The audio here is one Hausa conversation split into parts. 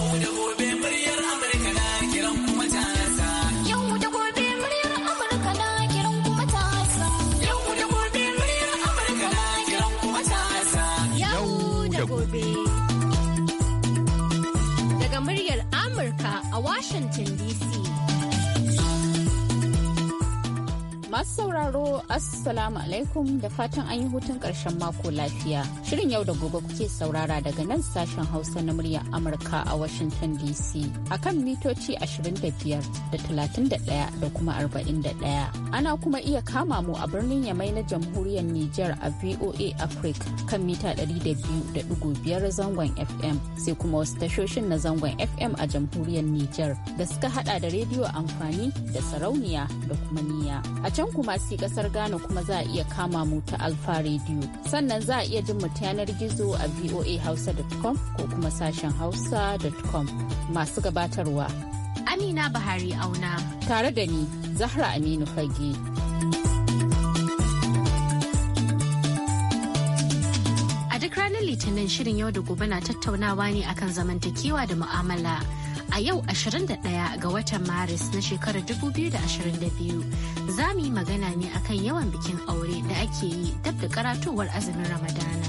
no, no. Assalamu alaikum da fatan an yi hutun ƙarshen mako lafiya. Shirin yau da gobe kuke saurara daga nan sashen Hausa na muryar Amurka a Washington DC a kan mitoci 25 da 31 da kuma 41. Ana kuma iya kama mu a birnin Yamai na Jamhuriyar Nijar a VOA Africa kan mita 200.5 zangon FM sai kuma wasu tashoshin na zangon FM a Jamhuriyar Nijar da suka hada da rediyo amfani da sarauniya da kuma niya. A can kuma si kasar Ghana Kano kuma za a iya kama mu ta Alfa Radio. Sannan za a iya jin mu ta yanar gizo a voahausa.com ko kuma sashen hausa.com masu gabatarwa. Amina Bahari Auna. Tare da ni, Zahra Aminu Fage. A duk ranar Litinin shirin yau da gobe na tattaunawa ne akan zamantakewa da mu'amala. a yau 21 ga watan Maris na shekarar 2022 za mu yi magana ne akan yawan bikin aure da ake yi dab da karatowar azumin Ramadana.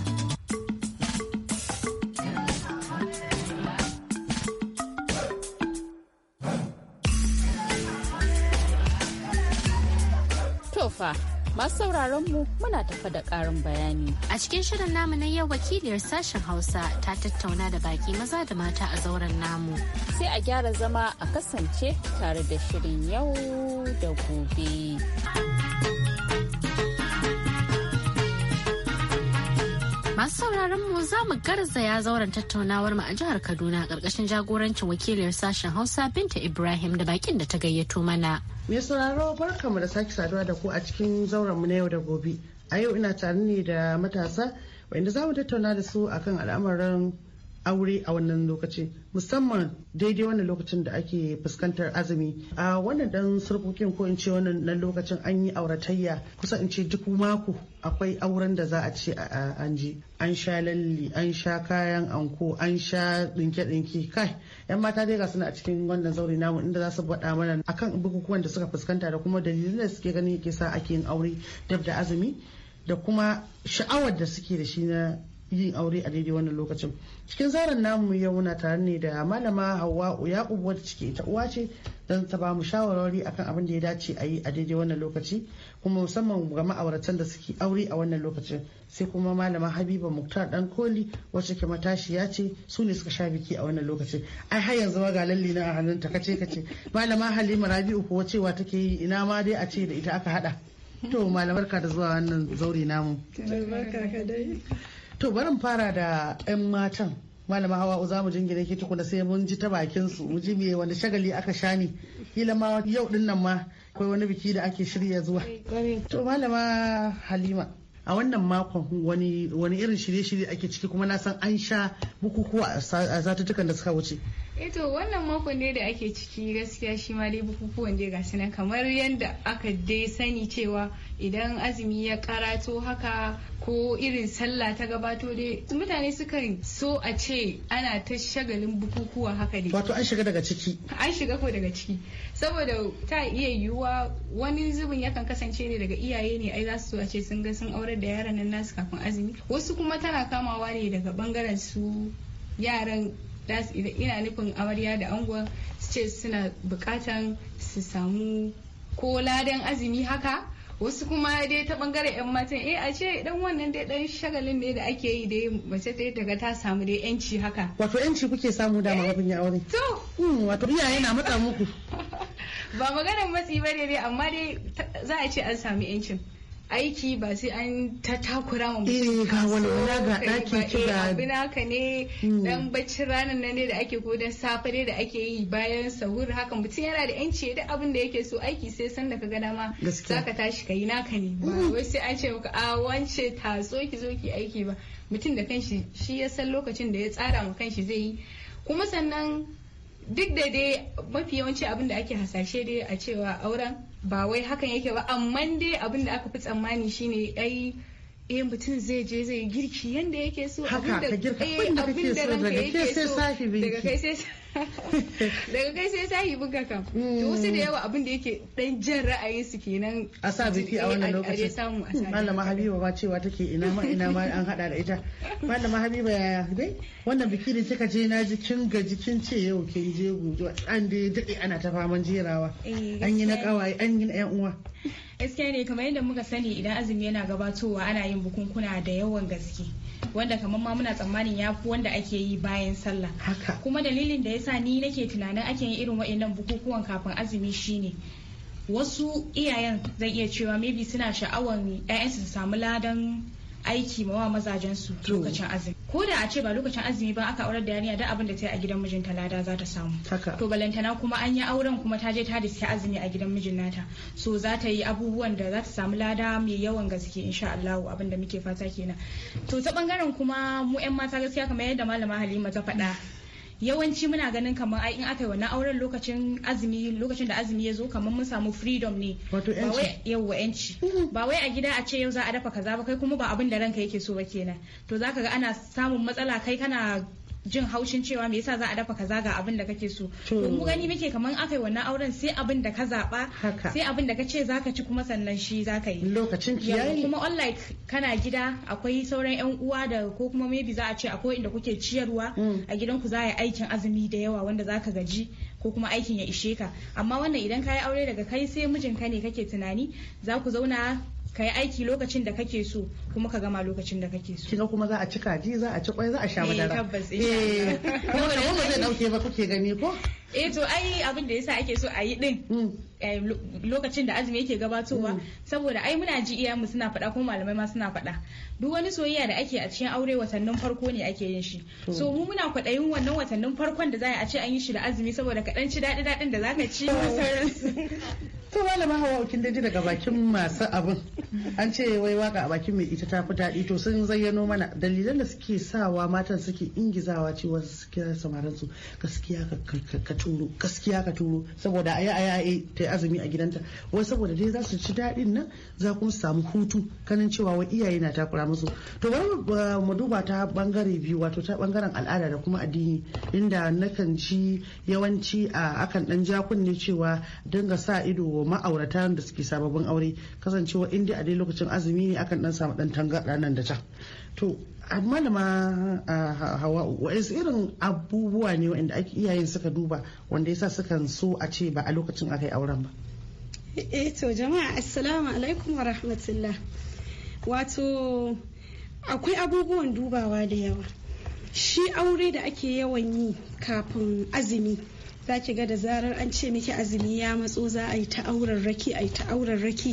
Tofa Masu sauraron mu muna tafa da ƙarin bayani. A cikin shirin namu na yau wakiliyar sashen Hausa ta tattauna da baki maza da mata a zauren namu. Sai a gyara zama a kasance tare da shirin yau da gobe. masu sauraron mu za mu garzaya zauren tattaunawar mu a jihar Kaduna karkashin jagorancin wakiliyar sashen Hausa Binta Ibrahim da bakin da ta gayyato mana. Me sauraro barkamu da sake saduwa da ku a cikin zauren mu na yau da gobe. A yau ina tare ne da matasa wanda za mu tattauna da su akan al'amarin aure a wannan lokaci musamman daidai wannan lokacin da ake fuskantar azumi a wannan dan sarkokin ko in ce wannan nan lokacin an yi auratayya kusa in ce duk mako akwai auren da za a ce an ji an sha lalle an sha kayan anko an sha dinke dinke kai yan mata dai ga suna a cikin wannan zaure namu inda za su faɗa mana akan bukukuwan da suka fuskanta da kuma dalilin da suke gani yake sa ake yin aure dab da azumi da kuma sha'awar da suke da shi na yin aure a daidai wannan lokacin cikin zaran namu yau muna tare ne da malama hawa yakub wadda ciki ita uwa ce don ta bamu shawarwari akan abin da ya dace a yi a daidai wannan lokaci kuma musamman ga ma'auratan da suke aure a wannan lokacin sai kuma malama habiba muktar dan koli wacce ke matashiya ce su ne suka sha biki a wannan lokacin ai har yanzu ga lalle na a hannun ta kace kace malama halima rabi'u kuwa cewa take yi ina ma dai a ce da ita aka hada to malamar ka da zuwa wannan zauri namu To barin fara da 'yan matan. Malama hawa za mu jingine ke tukuna sai mun ji ta bakin su mu ji me wani shagali aka sha ne. Kila ma yau din nan ma akwai wani biki da ake shirya zuwa. Eh, to malama Halima a wannan makon wani wani irin shirye-shirye ake ciki kuma na san an sha bukukuwa a zatutukan da suka wuce. Eto eh wannan makon ne da ake ciki gaskiya shi ma dai bukukuwan dai ga na kamar yadda aka dai sani cewa idan azumi ya karato haka ko irin sallah ta gabato dai mutane sukan so a ce ana ta shagalin bukukuwa haka dai. Wato an shiga daga ciki. An shiga ko daga ciki. Saboda ta iya yiwuwa wani zubin yakan kasance ne daga iyaye ne ai za su a ce sun ga sun aurar da yaran nan nasu kafin azumi. Wasu kuma tana kamawa ne daga bangaren su yaran ina nufin amarya da angon su ce suna bukatan su samu ko ladan azumi haka wasu kuma dai ta bangare yan matan eh a ce dan wannan dai dan shagalin ne da ake yi dai mace dai daga ta samu dai yanci haka wato yanci kuke samu dama eh, abin ya aure to hmm, wato iyaye na matsa muku ba maganar matsi bane dai amma dai za a ce an samu yancin aiki ba sai an ta takura ma mutum ka eh, ga haka eh, ne hmm. dan bacci ranar nan ne da ake ko dan safe ne da ake yi bayan sahur haka mutum yana da yanci da abin da yake so aiki sai san da ka ga dama zaka tashi kai naka ne ba hmm. wai sai an ce maka a ah, wance taso ki zo ki aiki ba mutum da kanshi shi ya san lokacin da ya tsara ma kanshi zai yi kuma sannan duk da dai mafi yawanci abin da ake hasashe dai a cewa auren ba wai hakan yake ba amma dai abin da aka fi tsammani shine ai eh mutum zai je zai girki yanda yake so eh, abin da abin da ranka yake so daga kai sai daga kai sai yi buga kam mm. to wasu da yawa abin da yake dan jan ra'ayin su kenan a sa biki a wannan lokacin malama habiba ba cewa take ina ma ina ma an hada da ita malama habiba ya dai wannan biki da kika je na jikin ga jikin ce yau kin je gujo an dai dade ana ta faman jerawa eh, an yi na kawai an yi na yan uwa gaskiya ne kamar yadda muka sani idan azumi yana gabatowa ana yin bukunkuna da yawan gaske wanda kamar ma muna tsammanin ya fi wanda ake yi bayan sallah kuma dalilin da ya sa ni nake tunanin ake yi irin wa'annan bukukuwan kafin azumi shine wasu iyayen zai iya cewa maybe suna sha'awar 'ya'yansu su samu ladan aiki mawa mazajen su lokacin azumi ko da a ce ba lokacin azumi ba aka aurar da yarinya da abin da ta yi a gidan mijinta lada za ta samu to balantana kuma an yi auren kuma ta je ta diski azumi a gidan mijin nata so za ta yi abubuwan da za ta samu lada mai yawan gaske insha Allah abin da muke fata kenan to ta bangaren kuma mu yan mata gaskiya kamar yadda malama Halima ta faɗa yawanci muna ganin kamar ai in aka yi wannan auren lokacin azumi lokacin da azumi ya zo kamar mun samu freedom ne wato yanci ba wai a gida a ce yau za a dafa kaza ba kai kuma ba abin da ranka yake so ba kenan to zaka ga ana samun matsala kai kana jin haushin cewa me yasa za a dafa kaza ga abin da kake so to mu gani muke kaman akai wannan auren sai abin da ka zaba sai abin da ka ce zaka ci kuma sannan shi zaka yi lokacin ciyayi kuma unlike kana gida akwai sauran yan uwa da ko kuma maybe za a ce akwai inda kuke ciyarwa mm. a gidan ku za a yi aikin azumi da yawa wanda zaka gaji ko kuma aikin ya ishe ka amma wannan idan ka yi aure daga kai sai mijinka ne kake tunani za ku zauna ka yi aiki lokacin da kake so kuma ka gama lokacin da kake so. Kina kuma za a ci kaji za a ci kwai za a sha madara. Eh tabbas eh. Kuma wanda zai dauke ba kuke gani ko? Eh to ai abin da yasa ake so a yi din hmm. eh, lokacin da azumi yake gabatowa hmm. saboda ai muna ji iyayenmu suna faɗa kuma malamai ma suna faɗa duk wani soyayya da ake a cikin aure watannin farko ne ake yin shi so mu muna kwaɗayin wannan watannin farkon da za a ce an yi shi da azumi saboda ka ci daɗi daɗin da za ka ci to malama hawa kin daji daga bakin masu abin an ce wai waka a bakin mai ita ta fi daɗi to sun zayyano mana dalilan da suke sawa matan suke ingizawa cewa suke samarin su gaskiya ka turo gaskiya ka turo saboda a aya aya ta azumi a gidanta wai saboda dai za su ci daɗin nan za kuma samu hutu kanin cewa wai iyaye na takura musu to bari mu duba ta bangare biyu wato ta bangaren al'ada da kuma addini inda nakan ci yawanci a akan ɗan jakunne cewa dinga sa ido wa ma'aurata da suke sababbin aure kasancewa inda dai a dai lokacin azumi ne akan dan samu dan tangarɗa nan da can to amma da ma hawa wa'insu irin abubuwa ne wa'inda ake iyayen suka duba wanda yasa suka so a ce ba a lokacin aka yi auren ba eh to jama'a assalamu alaikum wa rahmatullah wato akwai abubuwan dubawa da yawa shi aure da ake yawan yi kafin azumi za ki ga da zarar an ce miki azumi ya matso za a yi ta auren raki a yi ta auren raki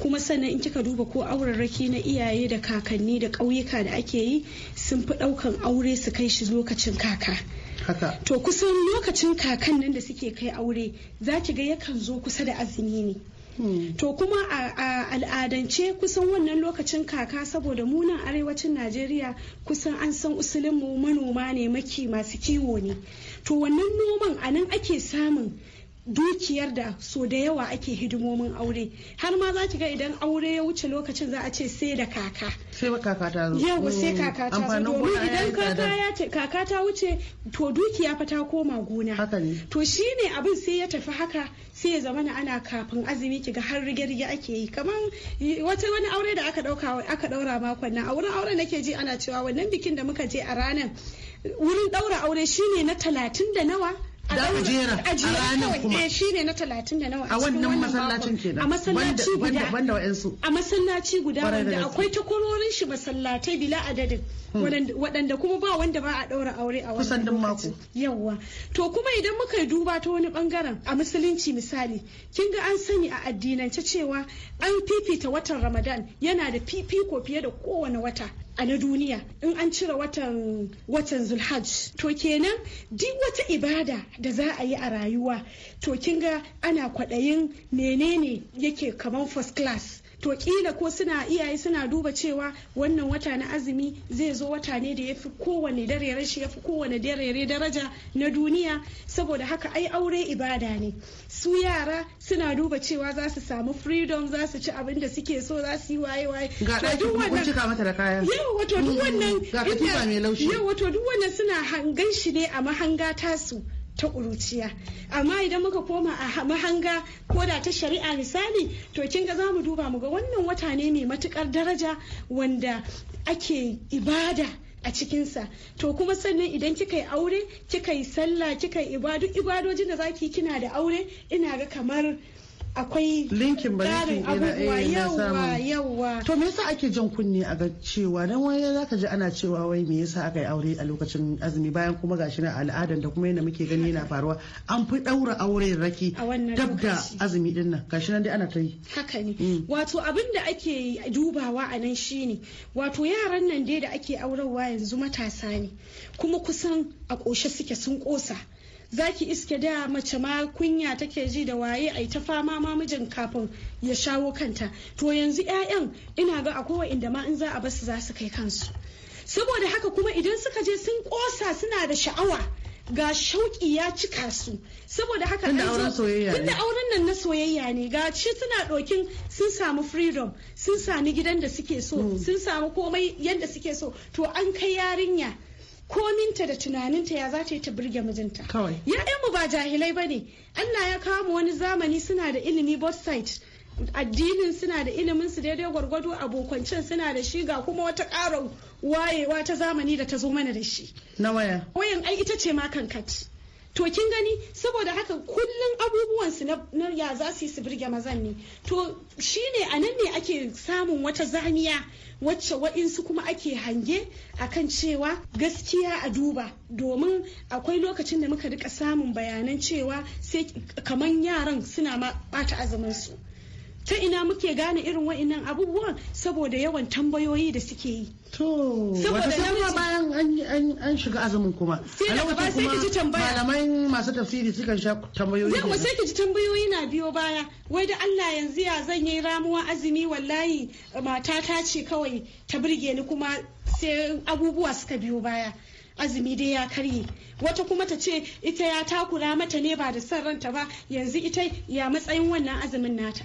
kuma sannan in kika duba ko auren raki na iyaye da kakanni da ƙauyuka da ake yi sun fi ɗaukan aure su kai shi lokacin kaka to kusan lokacin kakan nan da suke kai aure za ki ga yakan zo kusa da azumi ne to kuma a al'adance kusan wannan lokacin kaka saboda munan arewacin najeriya kusan an san usulin mu manoma ne maki masu kiwo ne to wannan noman a nan ake samun dukiyar da so da yawa ake hidimomin aure har ma za ki ga idan aure ya wuce lokacin za a ce sai da kaka sai kaka ta zo yau sai mm, kaka ta zo domin idan kaka ya ce kaka ta wuce to dukiya fa ta koma gona haka ne to shine abin sai ya tafi haka sai ya zamana ana kafin azumi ga har rige-rige ake yi kamar wata wani aure da aka dauka aka daura makon nan a wurin auren nake ji ana cewa wannan bikin da muka je a ranar wurin daura aure shine na talatin da nawa da ka jera a ranar kuma eh shine na 30 da nawa a wannan masallacin kenan a masallaci guda wanda wayansu a masallaci guda wanda akwai takwarorin shi masallatai bila adadin hmm. waɗanda kuma ba wanda ba a ɗaura aure a wannan mako yawa to kuma idan muka yi duba ta wani bangaren a musulunci misali kin ga an sani a addinance cewa an fifita watan Ramadan yana da fifiko fiye da kowane wata a na duniya in an cire watan watan zulhaj to kenan duk wata ibada da za a yi a rayuwa to kin ana kwaɗayin menene yake kamar first class to kila ko suna iyaye suna duba cewa wannan wata na azumi zai zo wata ne da ya fi kowane dare shi ya fi kowane dare daraja na duniya saboda haka ai aure ibada ne su yara suna duba cewa za su samu freedom za su ci abin da suke so za su yi waye waye ga kuma kun cika mata da kaya yau wato duk mm. wannan ga katifa mai laushi yau wato duk wannan suna hangan shi ne a mahanga tasu ta kuruciya amma idan muka koma a mahanga ko da ta shari'a misali to kin ga za mu duba mu ga wannan wata ne mai matukar daraja wanda ake ibada a cikinsa to kuma sannan idan kika yi aure kika yi sallah kika yi ibadu ibadojin da zaki kina da aure ina ga kamar akwai linkin ba linkin yawa to me yasa ake jan kunne a ga cewa dan wani zaka ji ana cewa wai me yasa aka yi aure a lokacin azumi bayan kuma gashi na al'adan da kuma yadda muke gani yana faruwa an fi daura aure raki dab da azumi din nan gashi nan dai ana ta yi haka ne mm. wato abin da ake dubawa a nan shine wato yaran nan dai da ake aurarwa yanzu matasa ne kuma kusan a koshe suke sun kosa zaki iske da mace ma kunya take ji da waye ai ta fama ma mijin kafin ya shawo kanta to yanzu 'ya'yan ina ga akwai inda ma in za a basu za su kai kansu saboda haka kuma idan suka je sun kosa suna da sha'awa ga shauki ya cika su saboda haka tunda auren soyayya tunda auren nan na soyayya ne ga shi suna dokin sun samu freedom sun sami gidan da suke so hmm. sun samu komai yadda suke so to an kai yarinya komi ra'ayinta da tunaninta ya za ta yi ta burge mijinta kawai mu ba jahilai ba ne Allah ya kawo mu wani zamani suna da ilimi both sides addinin suna da ilimin su daidai gwargwado abokancin suna da shi ga kuma wata ƙara wayewa ta zamani da ta zo mana da shi na waya wayan ai ita ce ma kankat to kin gani saboda haka kullun abubuwan su na ya za su yi su birge mazan ne to shine a nan ne ake samun wata zamiya wacce wa'insu kuma ake hange a kan cewa gaskiya a duba domin akwai lokacin da muka rika samun bayanan cewa sai kaman yaran suna ma bata azumin su ta ina muke gane irin wa'inan abubuwan saboda yawan tambayoyi da suke yi to wata kuma bayan an shiga azumin kuma sai daga ba sai ki ji tambaya malamai masu tafsiri sukan sha tambayoyi yawa sai ki ji tambayoyi na biyo baya wai da Allah yanzu ya zan yi ramuwa azumi wallahi ta ce kawai ta burge ni kuma sai abubuwa suka biyo baya azumi dai ya karye wata kuma ta ce ita ya takura mata ne ba da son ranta ba yanzu ita ya matsayin wannan azumin nata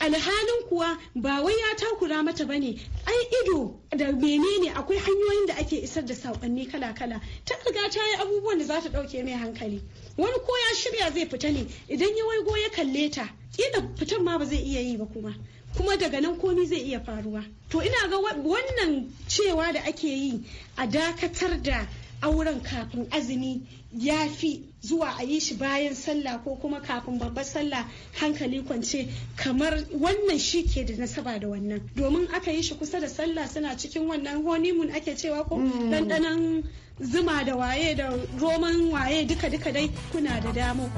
alhalin kuwa ba wai ya takura mata ba ne. ai ido da menene akwai hanyoyin da ake isar da saƙonni kala-kala ta riga ta yi abubuwan da za ta ɗauke mai hankali wani ko ya shirya zai fita ne idan ya waigo ya kalle ta kila fitan ma ba zai iya yi ba kuma kuma daga nan komi zai iya faruwa to ina ga wannan cewa da ake yi a dakatar da auren kafin azumi ya fi zuwa a yi shi bayan sallah ko kuma kafin babbar sallah hankali kwance kamar wannan shi ke da nasaba da wannan domin aka yi shi kusa da sallah suna cikin wannan honeymoon ake cewa ko mm. ɗanɗanon zuma da waye da roman waye duka-duka dai kuna da damar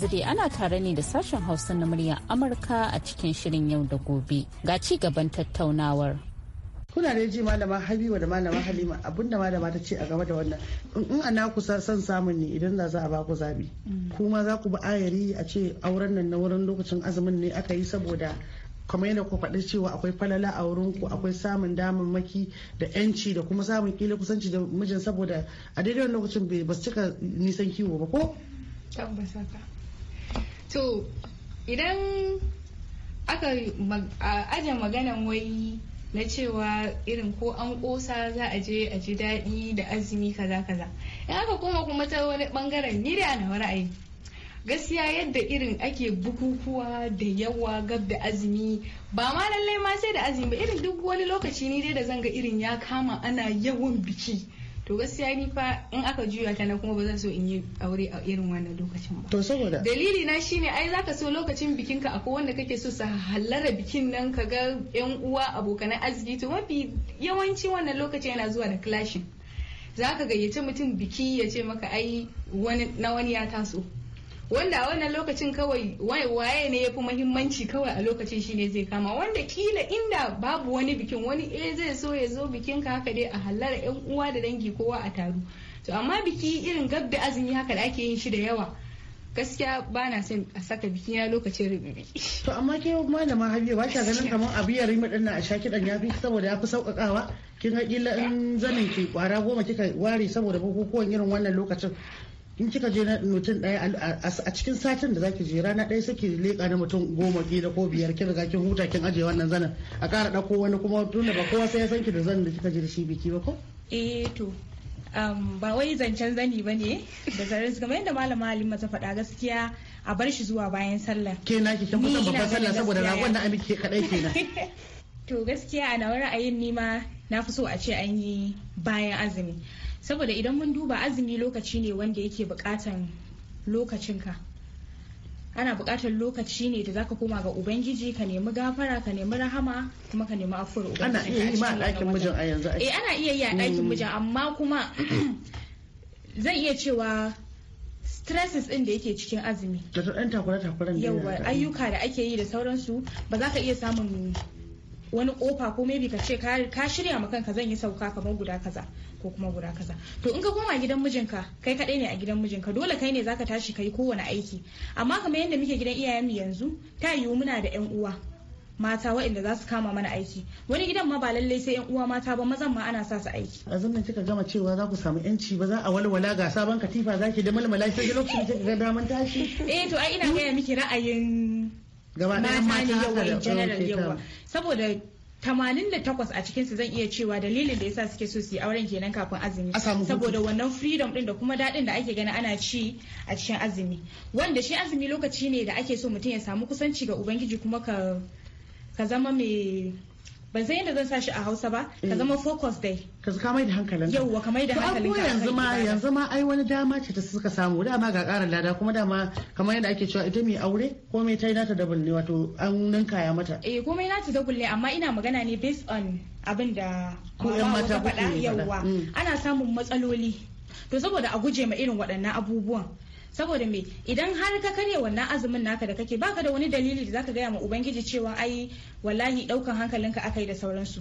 yanzu dai ana tare ne da sashen Hausa na murya Amurka a cikin shirin yau da gobe. Ga ci gaban tattaunawar. Kuna ne ji malama Habiba da malama Halima abinda malama ta ce a game da wannan. In ana kusa son samun ne idan za a ba ku zabi. Mm. Kuma za ku ba ayari a ce auren nan na wurin lokacin azumin ne aka yi saboda kuma yadda ku faɗi cewa akwai falala a wurin ku akwai samun damammaki da yanci da kuma samun kila kusanci da mijin saboda a daidai lokacin bai basu cika nisan kiwo ba ko to idan aka aje maganan wai na cewa irin ko an kosa za a je a ji daɗi da azumi kaza kaza in aka koma kuma ta wani bangaren ni da ana ra'ayi gaskiya yadda irin ake bukukuwa da yawa gab da azumi ba ma lallai ma sai da azumi ba irin duk wani lokaci ni dai da zan ga irin ya kama ana yawan biki to gaskiya ni fa in aka juya ta na kuma ba zan so in yi aure a irin wannan lokacin ba to saboda dalili na shine ai zaka so lokacin bikin ka akwai wanda kake so su hallara bikin nan ka ga yan uwa abokan arziki to mafi yawanci wannan lokacin yana zuwa da clashing zaka gayyace mutum biki yace maka ai wani na wani ya taso wanda a wannan lokacin kawai waye ne ya fi mahimmanci kawai a lokacin shi ne zai kama wanda kila inda babu wani bikin wani eh zai so ya zo bikin ka haka dai a hallara yan uwa da dangi kowa a taru to amma biki irin gab azumi haka da ake yin shi da yawa gaskiya ba na son a saka biki na lokacin rububi. To amma ke malama Habiba ba ta ganin kamar abu ya rima dinnan a shaki dan yafi saboda ya fi sauƙaƙawa kin ga kila in zanin ki kwara goma kika ware saboda bukukuwan irin wannan lokacin in kika je na mutum daya a cikin satin da zaki je rana daya suke leƙa na mutum goma da ko biyar kin riga kin huta kin aje wannan zanen a ƙara ɗauko wani kuma tunda ba kowa sai ya san ki da zanen da kika je da shi biki ba ko eh to um, ba wai zancen zani ba ne da su kamar yadda malama halima ta faɗa gaskiya a bar shi zuwa bayan sallah ke na ki kin kusan babban sallah saboda ragon da amike kadai na to gaskiya a nawar ra'ayin nima na fi so a ce an yi bayan azumi saboda idan mun duba azumi lokaci ne wanda yake bukatan lokacinka ana bukatar lokaci ne da zaka koma ga ubangiji ka nemi gafara ka nemi rahama kuma ka nemi afuwar ubangiji ana iya yi ma ɗakin mijin a yanzu eh, ana iya yi a ɗakin hmm. mijin amma kuma zan iya cewa stresses din da yake cikin azumi da ɗan takura takuran yawa ayyuka da ake yi da sauransu ba za ka iya samun wani kofa ko maybe ka ce ka shirya ma kanka zan yi sauka kamar guda kaza ko kuma guda kaza to in ka koma gidan mijinka kai kadai ne a gidan mijinka dole kai ne zaka tashi kai kowane aiki amma kamar yadda muke gidan iyayen mu yanzu ta yiwu muna da yan uwa mata waɗanda za su kama mana aiki wani gidan ma ba lallai sai yan uwa mata ba mazan ma ana sa su aiki a zannan kika gama cewa za ku samu yanci ba za a walwala ga sabon katifa za ki da malmala sai lokacin kika ga daman tashi eh to ai ina gaya miki ra'ayin gaba mata ne yawa in general yawa saboda tamanin da takwas a cikinsu zan iya cewa dalilin da yasa suke so su yi auren kenan kafin azumi saboda wannan freedom din da kuma daɗin da ake gani ana ci a cikin azumi wanda shi azumi lokaci ne da ake so mutum ya samu kusanci ga ubangiji kuma ka zama mai ban san yadda zan sa shi a Hausa ba ka eh. zama focus dai ka ka mai da hankalin yauwa ka mai da hankalin ka yanzu ma yanzu ma ai wani dama ce ta suka samu dama ga karin lada kuma dama kamar yadda ake cewa ita mai aure komai ta yi nata da bulle wato an ya mata eh komai nata da bulle amma ina magana ne based on abin da ko yan mata faɗa yauwa mm. ana samun matsaloli to saboda a guje ma irin waɗannan abubuwan saboda me idan har ka karya wannan azumin naka da kake baka da wani dalili da zaka gaya ma ubangiji cewa ai wallahi daukan hankalinka akai da sauransu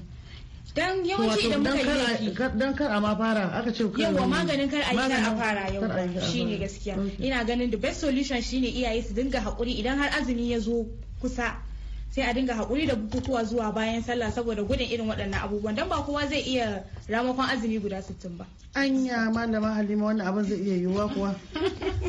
dan yawanci idan muka yi dan kar a ma fara aka ce yawa maganin kar a yi kar a fara yau shine gaskiya ina ganin the best solution shine iyaye su dinga hakuri idan har azumi ya zo kusa sai a dinga haƙuri da bukukuwa zuwa bayan sallah saboda gudun irin waɗannan abubuwan don ba kowa zai iya ramakon azumi guda sittin ba. Anya malama Halima wannan abin zai iya yiwuwa kuwa.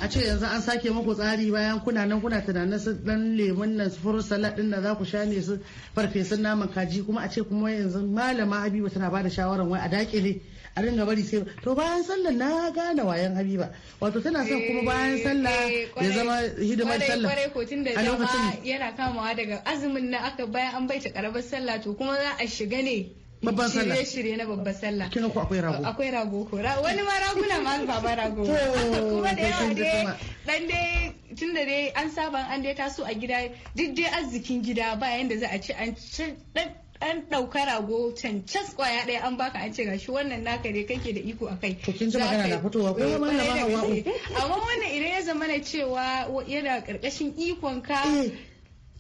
A ce yanzu an sake muku tsari bayan kuna nan kuna tunanin su dan lemun nan su furu salat din da za ku sha ne su farfesun naman kaji kuma a ce kuma yanzu malama Habiba tana ba da shawaran wai a dakile. a ringa bari sai to bayan sallah na gane wayan habiba wato tana son kuma bayan eh, sallah eh, ya zama hidimar sallah kwarai da zama yana kamawa daga azumin na aka bayan an baita karabar sallah to kuma za a shiga ne babban sallah shirye shirye na babban sallah kina ko akwai rago akwai rago ko wani ma raguna ma baba rago kuma da yawa dai dan dai tun da dai an saba an dai taso a gida duk dai arzikin gida ba yanda za a ci an dan an ɗauka rago cancas kwaya ɗaya an baka an ce gashi wannan naka ne kake da iko akai to kin ji magana na fitowa ko eh, wannan ba hawa amma wannan idan ya zama na cewa yana karkashin ikon ka eh.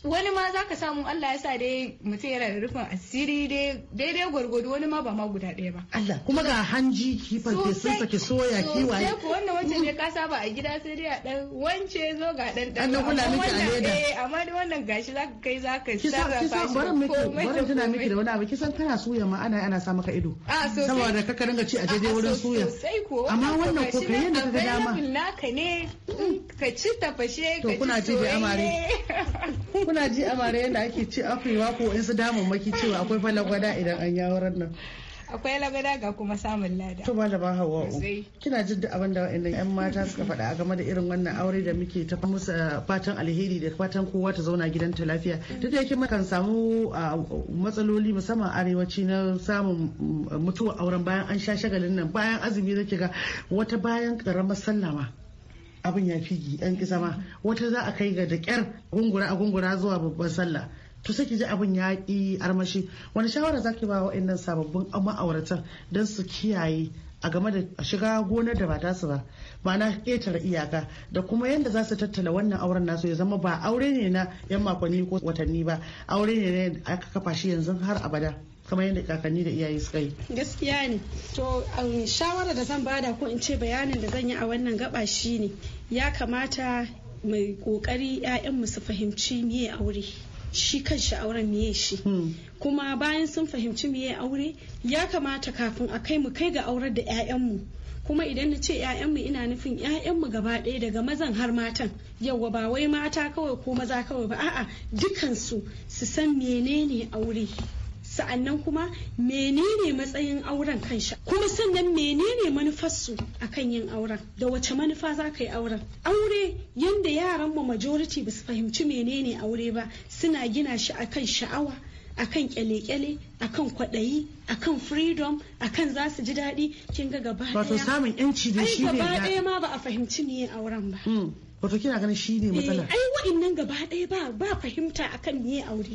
wani ma za ka samu Allah ya sa dai mutum yana da rufin asiri daidai gwargwado wani ma ba ma guda ɗaya ba. Allah kuma ga hanji kifar ke sun sake soya kiwaye. Sosai ko wannan wacce ne mm. ka saba a gida sai dai a ɗan wance zo ga ɗan ɗan. Ɗan kula miki a leda. Eh, amma dai wannan gashi zaka kai zaka sarrafa shi. Kisa barin miki barin tana miki da wani abu kisan kana soya ma ana ana sa maka ido. A ah, sosai. Saboda ka ringa ci a daidai ah, wurin soya. Sosai ko. Amma wannan ko kai yanda ka ga dama. Available naka ne mm. ka ci tafashe ka ci soyayye. To kuna ji da amare. kuna ji a mara yadda ake ce afirwa ko in su damun maki cewa akwai falagwada idan an auren nan akwai lagada ga kuma samun lada. To malama Hawwa. Kina jin duk abin da wa'annan yan mata suka faɗa a game da irin wannan aure da muke ta musu eh, fatan alheri da fatan kowa ta zauna gidan ta lafiya. Duk da yake kan samu matsaloli musamman arewaci na samun mm, mutuwa auren bayan an sha shagalin nan bayan azumi zaki ga wata bayan karamar sallama. abin ya figi 'yan ki zama wata za a kai ga da kyar gungura a gungura zuwa babban sallah to sai ki ji abin ya ƙi armashi wani shawara zaki ba inda sababbin ma'auratan don su kiyaye a game da shiga gonar da ba ta su ba ma'ana ƙetare iyaka da kuma yadda za su tattala wannan auren nasu ya zama ba aure ne na yan makonni ko watanni ba aure ne aka kafa shi yanzu har abada kamar yadda kakanni da iyaye suka yi gaskiya ne to um, shawara da zan bada ko in ce bayanin da zan yi a wannan gaba ne ya kamata mai kokari 'ya'yanmu su fahimci miye aure shi kan shi auren miye shi hmm. kuma bayan sun fahimci miye aure ya kamata kafin a kai mu kai ga aurar da mu kuma idan na ce mu ina nufin 'ya'yanmu gaba ɗaya daga mazan har matan yauwa ba wai mata kawai ko maza kawai ba a'a dukansu su san menene aure sa'annan kuma menene matsayin auren kanshi kuma sannan menene manufarsu akan yin auren da wace manufa za ka yi auren aure yadda yaran mu majority ba su fahimci menene aure ba suna gina shi akan sha'awa akan kyale-kyale akan kwaɗayi akan freedom akan za su ji daɗi kin ga gaba samun yanci da shi ne gaba ɗaya ma ba a fahimci ne auren ba hmm. wato kina ganin shi ne eh, matsala ai wa'annan gaba ɗaya ba ba fahimta akan me aure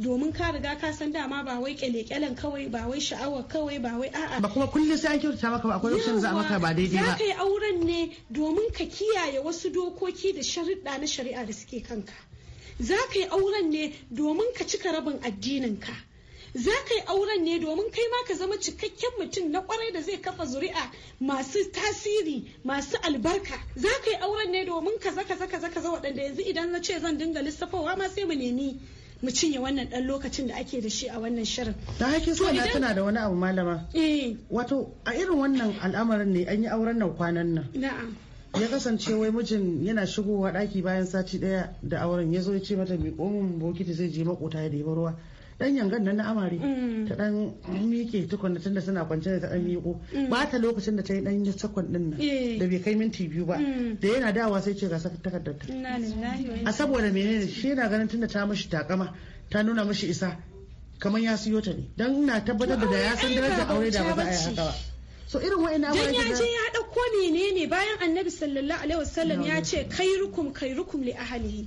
domin ka riga ka san dama ba wai kyale-kyalen kawai ba wai sha'awa kawai ba wai a'a ba kuma kullum sai an kyauta maka ba akwai lokacin za a maka ba daidai ba za ka yi auren ne domin ka kiyaye wasu dokoki da sharuɗa na shari'a da suke kanka za ka yi auren ne domin ka cika rabin addinin ka za ka yi auren ne domin kai ma ka zama cikakken mutum na kwarai da zai kafa zuri'a masu tasiri masu albarka za ka yi auren ne domin zaka zaka zaka kaza waɗanda yanzu idan na ce zan dinga lissafowa ma sai mu nemi mu cinye wannan dan lokacin da ake da shi a wannan shirin da haƙi so na tana da wani abu malama eh wato a irin wannan al'amarin ne an yi auren nan kwanan nan na'am ya kasance wai mijin yana shigowa ɗaki bayan sati ɗaya da auren ya zo ya ce mata mai komin bokiti zai je makota ya debi ruwa dan yangan nan na amare mm. ta dan miƙe tukunna tunda suna kwance da ta dan miƙo mm. ba ta lokacin da ta yi dan sakon din nan eh. da bai kai minti biyu ba mm. da yana dawa sai ce ga takardar ta a saboda menene shi yana ganin tunda ta mashi takama ta nuna mashi isa kamar ya siyo ta ne Dan ina tabbatar da ya san darajar aure da ba za a yi haka ba so irin ya je ya dauko menene bayan annabi sallallahu alaihi wasallam ya ce kairukum kairukum li ahlihi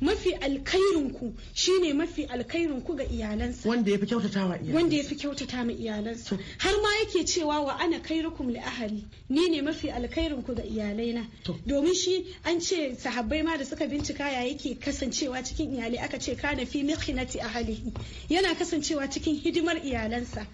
mafi alkairinku shine mafi alkairinku ga iyalansa wanda yafi kyautata wa iyalansa wanda ya kyautata ma iyalansa har ma yake cewa wa ana kairukum li ahli ni ne mafi alkairinku ga iyalaina domin shi an ce sahabbai ma da suka bincika ya yake kasancewa cikin iyalai aka ce kana fi mikhinati ahlihi yana kasancewa cikin hidimar iyalansa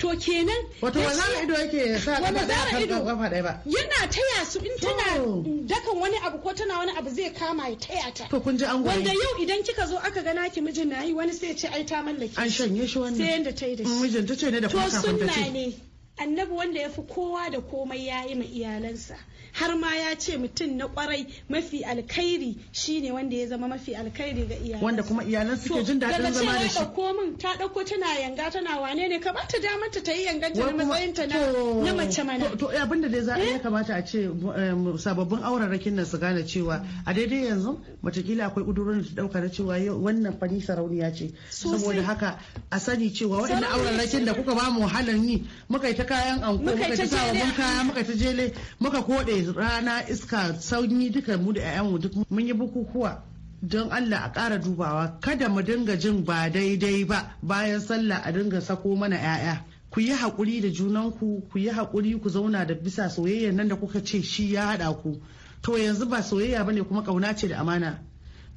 to kenan wato wannan ido yake sa wanda zara ido ba yana taya su in tana dakan wani abu ko tana wani abu zai kama ya taya ta to kun ji an wanda yau idan kika zo aka gana ki mijin nayi wani sai ce ai ta mallake an shanye shi wannan sai yanda ta yi da shi mijin ta ce ne da kuma kun ta ce to sunna ne annabi wanda ya fi kowa da komai ya yi ma iyalansa har ma ya ce mutum na kwarai mafi alkhairi shine wanda ya zama mafi alkhairi ga iyalan wanda kuma iyalan suke jin daɗin zama da shi ko min ta dauko tana yanga tana wane ne kamata mata ta yi yanga ta matsayin ta na mace mana to eh, abinda dai za a iya eh? kamata a ce eh, sababbin auren nan su gane cewa a daidai yanzu matakila akwai kudurorin da dauka na cewa wannan fani sarauniya ce saboda haka a sani cewa waɗannan rakin da kuka ba mu halin yi muka yi ta kayan anko muka yi ta sababin kaya muka ta jele muka kode rana iska sanyi duka mu da 'ya'yanmu duk mun yi bukukuwa don Allah a ƙara dubawa kada mu dinga jin ba daidai ba bayan sallah a dinga sako mana 'ya'ya ku yi haƙuri da junanku ku yi haƙuri ku zauna da bisa soyayya nan da kuka ce shi ya haɗa ku to yanzu ba soyayya bane kuma ƙauna ce da amana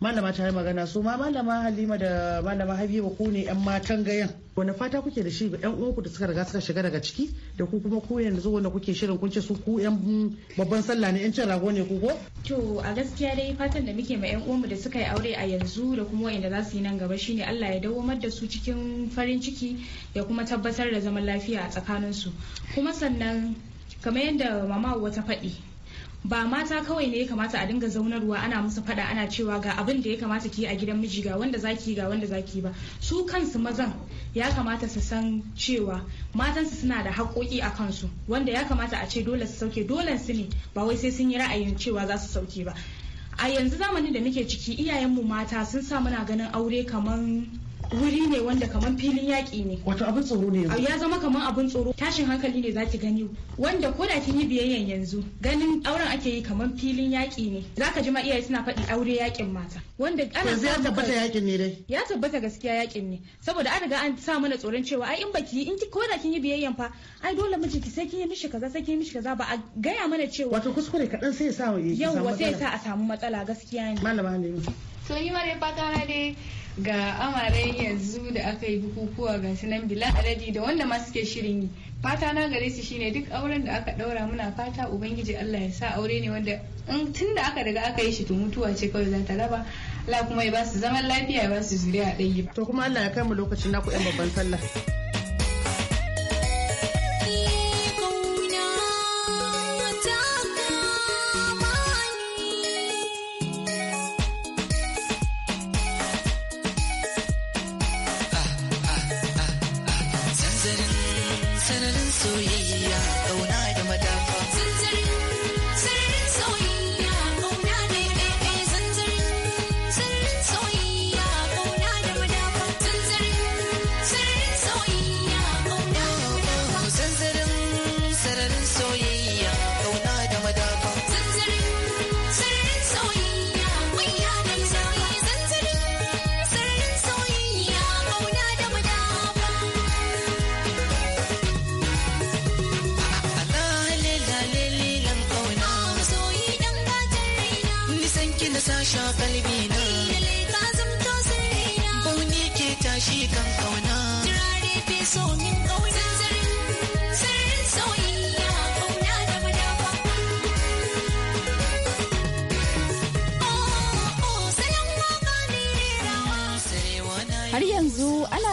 malama ta yi magana su ma malama halima da malama habiba ku ne yan matan gayan wani fata kuke da shi ga yan uwanku da suka riga suka shiga daga ciki da ku kuma ku yanzu wanda kuke shirin kunce su ku yan babban sallah ne yan cin rago ne ku ko to a gaskiya dai fatan da muke ma yan uwanmu da suka yi aure a yanzu da kuma wanda za su yi nan gaba shine Allah ya dawomar da su cikin farin ciki ya kuma tabbatar da zaman lafiya a tsakanin su kuma sannan kamar yadda mama wata faɗi ba mata kawai ne ya kamata a dinga zaunarwa ana musu fada ana cewa ga abin da ya kamata ki a gidan miji ga wanda zaki ga wanda zaki ba su kansu mazan ya kamata su san cewa matansu suna da haƙoƙi a kansu wanda ya kamata a ce dole su sauke dole su ne ba wai sai sun yi ra'ayin cewa za su sauke ba a yanzu zamanin da muke ciki iyayenmu mata sun sa muna ganin aure kaman wuri ne wanda kaman filin yaƙi ne wato abin tsoro ne yanzu. ya zama kaman abin tsoro tashin hankali ne zaki gani wanda ko da kin yi biyayyan yanzu ganin auren ake yi kaman filin yaƙi ne za ka ji ma iyaye suna faɗi aure yaƙin mata wanda ana ya tabbata yaƙin ne dai ya tabbata gaskiya yaƙin ne saboda an riga an sa mana tsoron cewa ai in baki yi in ko da kin yi biyayyan fa ai dole ki sai kin yi mishi kaza sai kin yi mishi kaza ba a gaya mana cewa wato kuskure kaɗan sai ya sa wa yau sai sa a samu matsala gaskiya ne malama ne to ni ma fata na dai ga amaren yanzu da aka yi bukukuwa ga sunan bila aladi da wanda ma suke shirin yi fata na gare su shine duk auren da aka daura muna fata ubangiji Allah ya sa aure ne wanda tun da aka daga aka yi shi to mutuwa ce kawai za ta raba Allah kuma ya ba su zaman lafiya ya ba su zuriya ɗaya to kuma Allah ya kai mu lokacin naku yan babban sallah